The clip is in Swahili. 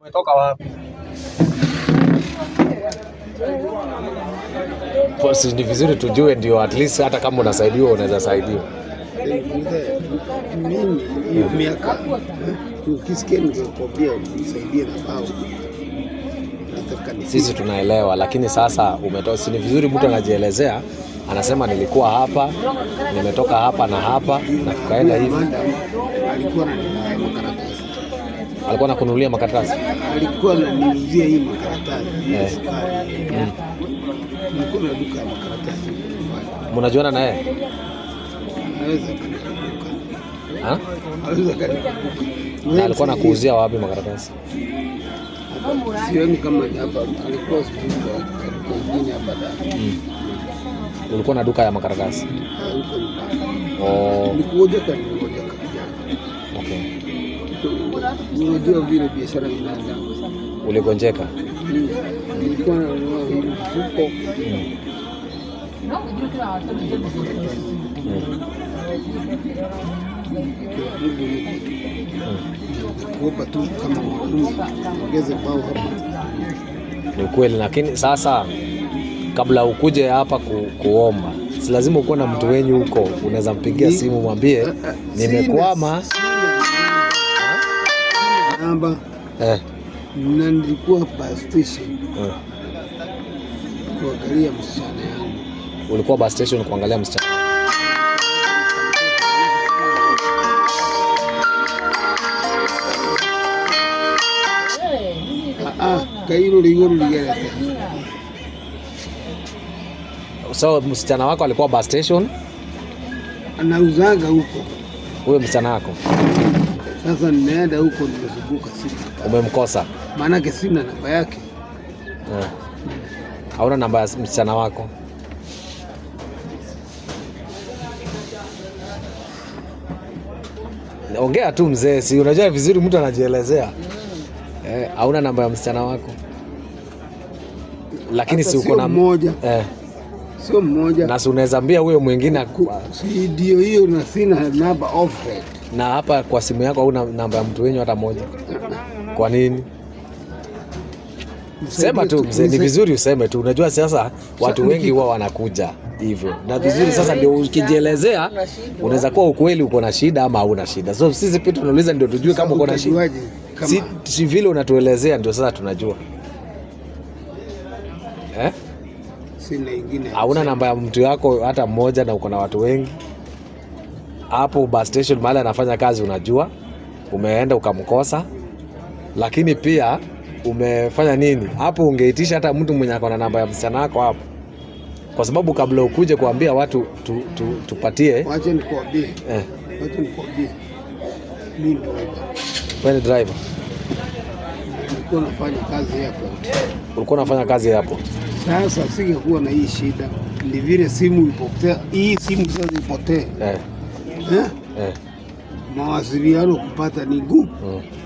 Umetoka wapi? Basi ni vizuri tujue, ndio at least hata kama unasaidiwa unaweza saidiwa. Mimi miaka ukisikia na bao sisi tunaelewa, lakini sasa umetoka, si ni vizuri mtu anajielezea, anasema nilikuwa hapa, nimetoka hapa na hapa na tukaenda hivi alikuwa anakununulia makaratasi, alikuwa ananiuzia hii makaratasi ya eh. sukari. Mm. Nilikuwa na duka ya makaratasi. Mnajuana na yeye? Alikuwa anakuuzia wapi makaratasi? Sioni kama hapa, alikuwa ingine hapa. Mm. Ulikuwa na duka ya makaratasi? Oh. kwa Unajua vile biashara inaanza. Uligonjeka? Nilikuwa na mfuko kuomba tu kama ongeze bao hapa. Ni kweli, lakini sasa kabla ukuje hapa ku, kuomba si lazima ukuwe na mtu wenyu huko, unaweza mpigia simu mwambie ah, ah, nimekwama namba eh, na nilikuwa bus station eh, kuangalia msichana yangu. Ulikuwa bus station kuangalia msichana? Ah, ah, so msichana wako alikuwa bus station anauzaga huko, huyo msichana wako sasa nimeenda huko, nimezunguka sina. Umemkosa? Maanake sina namba yake. Eh. Hauna namba ya msichana wako? Ongea tu mzee, si unajua vizuri, mtu anajielezea. Eh, hauna namba ya msichana wako, lakini si uko na mmoja eh sio mmoja, na si unaweza ambia huyo mwingine. Ndio hiyo, na sina namba offset. Na hapa kwa simu yako hauna namba ya mtu wenyu hata moja? Kwa nini? Sema tu mzee, ni vizuri useme tu. Unajua sasa watu wengi huwa wanakuja hivyo na vizuri. Sasa ndio ukijielezea, unaweza kuwa ukweli uko na shida ama hauna shida. So sisi pia tunauliza ndio tujue kama uko na shida, si vile unatuelezea ndio sasa tunajua eh? sina ingine. Hauna namba ya mtu yako hata mmoja, na uko na watu wengi hapo bus station mahali anafanya kazi, unajua umeenda ukamkosa, lakini pia umefanya nini hapo? Ungeitisha hata mtu mwenye ako na namba ya msichana wako hapo, kwa sababu kabla ukuje kuambia watu tu, tu, tupatie. waje nikuambie eh. Waje nikuambie mimi ndio wewe driver, ulikuwa unafanya kazi hapo, ulikuwa unafanya kazi hapo sasa singekuwa na hii shida, ni vile simu ipotea hii simu sasa ipotee eh. Eh? Eh. Mawasiliano kupata ni ngumu mm.